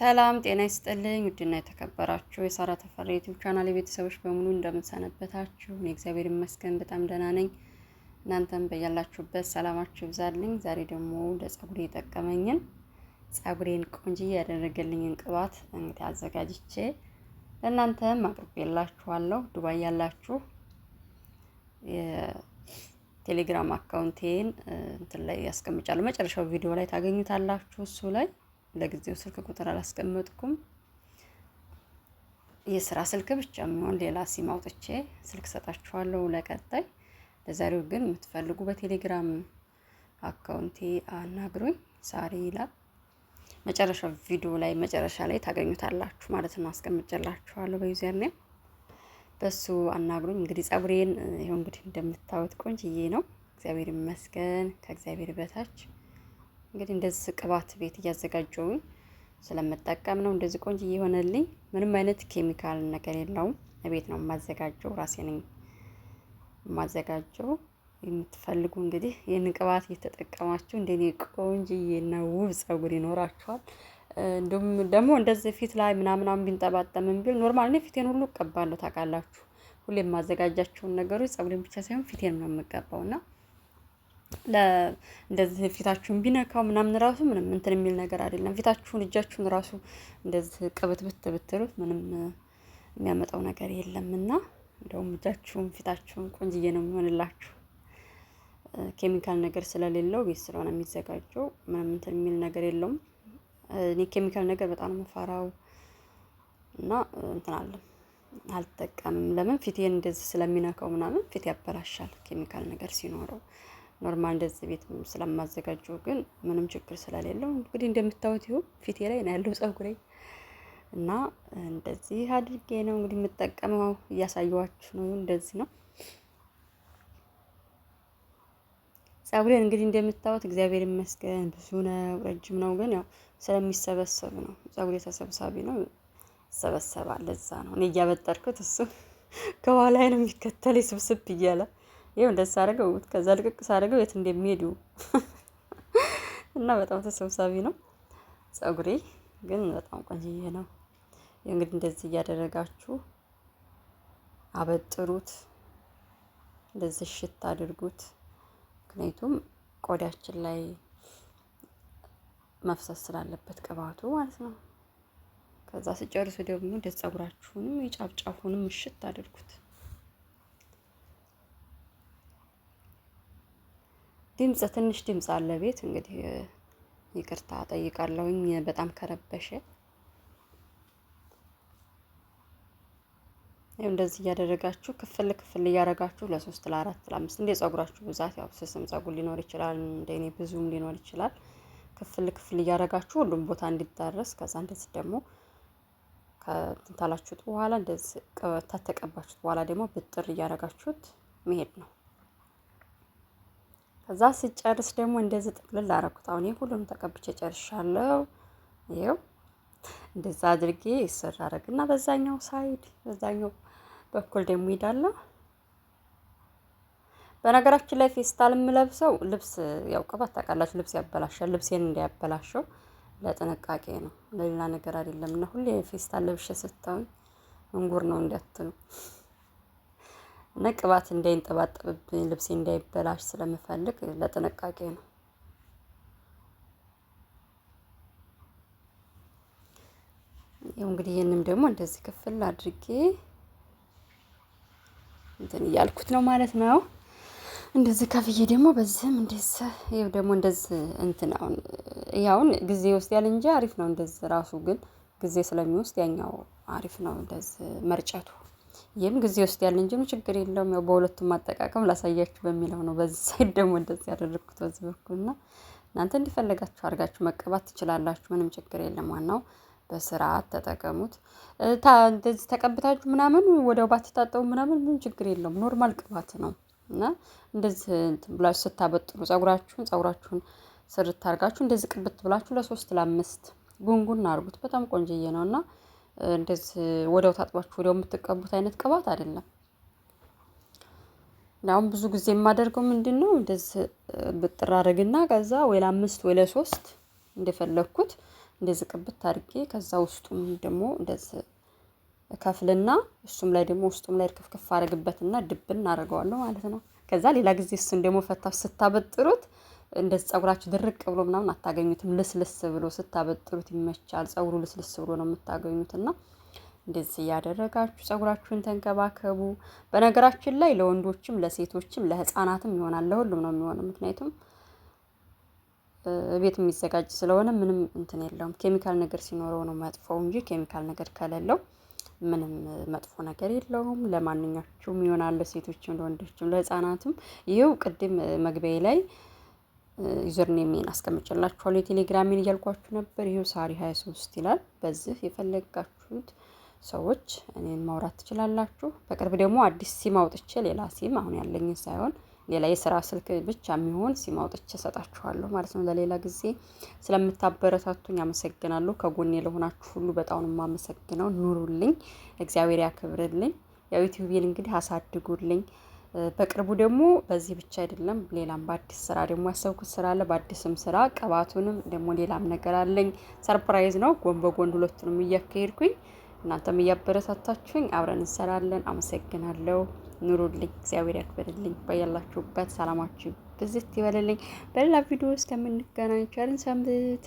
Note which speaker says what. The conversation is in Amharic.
Speaker 1: ሰላም ጤና ይስጥልኝ። ውድና የተከበራችሁ የሳራ ተፈራ ዩቲዩብ ቻናል የቤተሰቦች በሙሉ እንደምንሰነበታችሁ፣ እኔ እግዚአብሔር ይመስገን በጣም ደህና ነኝ። እናንተም በያላችሁበት ሰላማችሁ ይብዛልኝ። ዛሬ ደግሞ ለጸጉሬ የጠቀመኝን ጸጉሬን ቆንጆ ያደረገልኝን ቅባት እንግዲህ አዘጋጅቼ ለእናንተም አቅርቤላችኋለሁ። ዱባይ ያላችሁ የቴሌግራም አካውንቴን እንትን ላይ ያስቀምጫለሁ። መጨረሻው ቪዲዮ ላይ ታገኙታላችሁ እሱ ላይ ለጊዜው ስልክ ቁጥር አላስቀመጥኩም። የስራ ስልክ ብቻ የሚሆን ሌላ ሲም አውጥቼ ስልክ ሰጣችኋለሁ ለቀጣይ። ለዛሬው ግን የምትፈልጉ በቴሌግራም አካውንቴ አናግሩኝ። ሳሪ ይላል መጨረሻ ቪዲዮ ላይ መጨረሻ ላይ ታገኙታላችሁ ማለት ነው። አስቀምጨላችኋለሁ በዩዘር ኔም በሱ አናግሩኝ። እንግዲህ ጸጉሬን ይኸው እንግዲህ እንደምታዩት ቆንጅዬ ነው። እግዚአብሔር ይመስገን ከእግዚአብሔር በታች እንግዲህ እንደዚህ ቅባት ቤት እያዘጋጀውኝ ስለምጠቀም ነው እንደዚህ ቆንጆ እየሆነልኝ። ምንም አይነት ኬሚካል ነገር የለውም። ቤት ነው የማዘጋጀው፣ ራሴ ነኝ የማዘጋጀው። የምትፈልጉ እንግዲህ ይህንን ቅባት እየተጠቀማችሁ እንደኔ ቆንጅዬና ውብ ጸጉር ይኖራችኋል። እንዲሁም ደግሞ እንደዚህ ፊት ላይ ምናምናም ቢንጠባጠምን ቢል ኖርማል እኔ ፊቴን ሁሉ እቀባለሁ። ታውቃላችሁ፣ ሁሌ የማዘጋጃቸውን ነገሮች ጸጉሬን ብቻ ሳይሆን ፊቴን ነው የምቀባውና እንደዚህ ፊታችሁን ቢነካው ምናምን ራሱ ምንም እንትን የሚል ነገር አይደለም። ፊታችሁን እጃችሁን ራሱ እንደዚህ ቅብት ብት ብትሉት ምንም የሚያመጣው ነገር የለምና እንደውም እጃችሁን ፊታችሁን ቆንጅዬ ነው የሚሆንላችሁ። ኬሚካል ነገር ስለሌለው ቤት ስለሆነ የሚዘጋጀው ምንም እንትን የሚል ነገር የለውም። እኔ ኬሚካል ነገር በጣም የምፈራው እና እንትን አለም አልጠቀምም። ለምን ፊቴን እንደዚህ ስለሚነካው ምናምን ፊት ያበላሻል ኬሚካል ነገር ሲኖረው ኖርማል እንደዚህ ቤት ስለማዘጋጀው ግን ምንም ችግር ስለሌለው እንግዲህ እንደምታዩት ይሁን ፊቴ ላይ ነው ያለው ጸጉሬ እና እንደዚህ አድርጌ ነው እንግዲህ የምጠቀመው። እያሳየኋችሁ ነው። እንደዚህ ነው ጸጉሬን እንግዲህ እንደምታዩት እግዚአብሔር ይመስገን ብዙ ነው፣ ረጅም ነው። ግን ያው ስለሚሰበሰብ ነው ጸጉሬ ተሰብሳቢ ነው፣ ይሰበሰባል። ለዛ ነው እኔ እያበጠርኩት እሱ ከኋላ ነው የሚከተል ስብስብ እያለ ይኸው እንደዚህ ሳደርገው ከዛ ልቅቅ ሳደርገው የት እንደሚሄዱ እና በጣም ተሰብሳቢ ነው ጸጉሬ ግን በጣም ቆንጆዬ ነው። እንግዲህ እንደዚህ እያደረጋችሁ አበጥሩት፣ እንደዚህ ሽት አድርጉት። ምክንያቱም ቆዳችን ላይ መፍሰስ ስላለበት ቅባቱ ማለት ነው። ከዛ ስጨርሱ ደግሞ እንደ ጸጉራችሁንም የጫፍጫፉንም ምሽት አድርጉት። ድምፅ ትንሽ ድምፅ አለ ቤት እንግዲህ ይቅርታ ጠይቃለሁኝ በጣም ከረበሸ። ይኸው እንደዚህ እያደረጋችሁ ክፍል ክፍል እያደረጋችሁ ለሶስት ለአራት ለአምስት እንደ ጸጉራችሁ ብዛት ያው ስስም ጸጉር ሊኖር ይችላል፣ እንደ እኔ ብዙም ሊኖር ይችላል። ክፍል ክፍል እያደረጋችሁ ሁሉም ቦታ እንዲዳረስ ከዛ እንደዚህ ደግሞ ከትንታላችሁት በኋላ እንደዚህ ተተቀባችሁት በኋላ ደግሞ ብጥር እያደረጋችሁት መሄድ ነው። ከዛ ሲጨርስ ደግሞ እንደዚህ ጥቅልል አረኩት። አሁን ሁሉንም ተቀብቼ ጨርሻለሁ። ይኸው እንደዛ አድርጌ ይሰራ አረግና በዛኛው ሳይድ በዛኛው በኩል ደግሞ ይሄዳለሁ። በነገራችን ላይ ፌስታል የምለብሰው ልብስ ያው ቅባት ታውቃላችሁ፣ ልብስ ያበላሻል። ልብሴን እንዳያበላሸው ለጥንቃቄ ነው፣ ለሌላ ነገር አይደለም። እና ሁሌ ፌስታል ለብሼ ስታውኝ እንጉር ነው እንዳትሉ። እና ቅባት እንዳይንጠባጠብብኝ ልብሴ እንዳይበላሽ ስለምፈልግ ለጥንቃቄ ነው። ያው እንግዲህ ይህንም ደግሞ እንደዚህ ክፍል አድርጌ እንትን እያልኩት ነው ማለት ነው። እንደዚህ ከፍዬ ደግሞ በዚህም እንደዚህ ይሄ ደግሞ እንደዚህ እንትን አሁን ያውን ጊዜ ውስጥ ያለ እንጂ አሪፍ ነው። እንደዚህ ራሱ ግን ጊዜ ስለሚወስድ ያኛው አሪፍ ነው እንደዚህ መርጨቱ ይህም ጊዜ ውስጥ ያለ እንጂ ችግር የለውም። ያው በሁለቱም አጠቃቀም ላሳያችሁ በሚለው ነው። በዚህ ሳይድ ደግሞ እንደዚህ ያደረግኩት በዚህ በኩል ና እናንተ እንዲፈለጋችሁ አድርጋችሁ መቀባት ትችላላችሁ። ምንም ችግር የለም። ዋናው በስርዓት ተጠቀሙት። እንደዚህ ተቀብታችሁ ምናምን ወዲያው ባትታጠቡ ምናምን ምንም ችግር የለውም። ኖርማል ቅባት ነው እና እንደዚህ ብላችሁ ስታበጥሩ ጸጉራችሁን ጸጉራችሁን ስርታርጋችሁ እንደዚህ ቅብት ብላችሁ ለሶስት ለአምስት ጉንጉን አርጉት። በጣም ቆንጅዬ ነው እና እንደዚህ ወደው ታጥባችሁ ወደው የምትቀቡት አይነት ቅባት አይደለም። አሁን ብዙ ጊዜ የማደርገው ምንድን ነው እንደዚህ ብጥር አድርግና ከዛ ወይ ለአምስት ወይ ለሶስት እንደፈለግኩት እንደዚህ ቅብት አድርጌ ከዛ ውስጡም ደግሞ እንደዚህ ከፍልና እሱም ላይ ደግሞ ውስጡም ላይ እርከፍክፍ አድርግበትና ድብን አደርገዋለሁ ማለት ነው። ከዛ ሌላ ጊዜ እሱን ደግሞ ፈታ ስታበጥሩት እንደዚህ ጸጉራችሁ ድርቅ ብሎ ምናምን አታገኙትም። ልስልስ ብሎ ስታበጥሩት ይመቻል። ጸጉሩ ልስልስ ብሎ ነው የምታገኙት እና እንደዚህ እያደረጋችሁ ጸጉራችሁን ተንከባከቡ። በነገራችን ላይ ለወንዶችም ለሴቶችም ለህፃናትም ይሆናል ለሁሉም ነው የሚሆነው። ምክንያቱም ቤት የሚዘጋጅ ስለሆነ ምንም እንትን የለውም። ኬሚካል ነገር ሲኖረው ነው መጥፎው እንጂ ኬሚካል ነገር ከሌለው ምንም መጥፎ ነገር የለውም። ለማንኛቸውም ይሆናል፣ ለሴቶችም፣ ለወንዶችም፣ ለሕፃናትም። ይህው ቅድም መግቢያ ላይ ዩዘርኔሜን አስቀምጬላችኋለሁ የቴሌግራሜን እያልኳችሁ ነበር። ይሄው ሳሪ 23 ይላል። በዚህ የፈለጋችሁት ሰዎች እኔን ማውራት ትችላላችሁ። በቅርብ ደግሞ አዲስ ሲም አውጥቼ ሌላ ሲም አሁን ያለኝን ሳይሆን ሌላ የስራ ስልክ ብቻ የሚሆን ሲም አውጥቼ እሰጣችኋለሁ ማለት ነው። ለሌላ ጊዜ ስለምታበረታቱኝ አመሰግናለሁ። ከጎኔ ለሆናችሁ ሁሉ በጣም ነው የማመሰግነው። ኑሩልኝ፣ እግዚአብሔር ያክብርልኝ። ያው ዩቲዩብን እንግዲህ አሳድጉልኝ። በቅርቡ ደግሞ በዚህ ብቻ አይደለም፣ ሌላም በአዲስ ስራ ደግሞ ያሰብኩት ስራ አለ። በአዲስም ስራ ቅባቱንም ደግሞ ሌላም ነገር አለኝ። ሰርፕራይዝ ነው። ጎን በጎን ሁለቱንም እያካሄድኩኝ እናንተም እያበረታታችሁኝ አብረን እንሰራለን። አመሰግናለሁ። ኑሩልኝ። እግዚአብሔር ያክብርልኝ። በያላችሁበት ሰላማችሁ ብዝት ይበልልኝ። በሌላ ቪዲዮ ውስጥ ቸርን ሰንብት።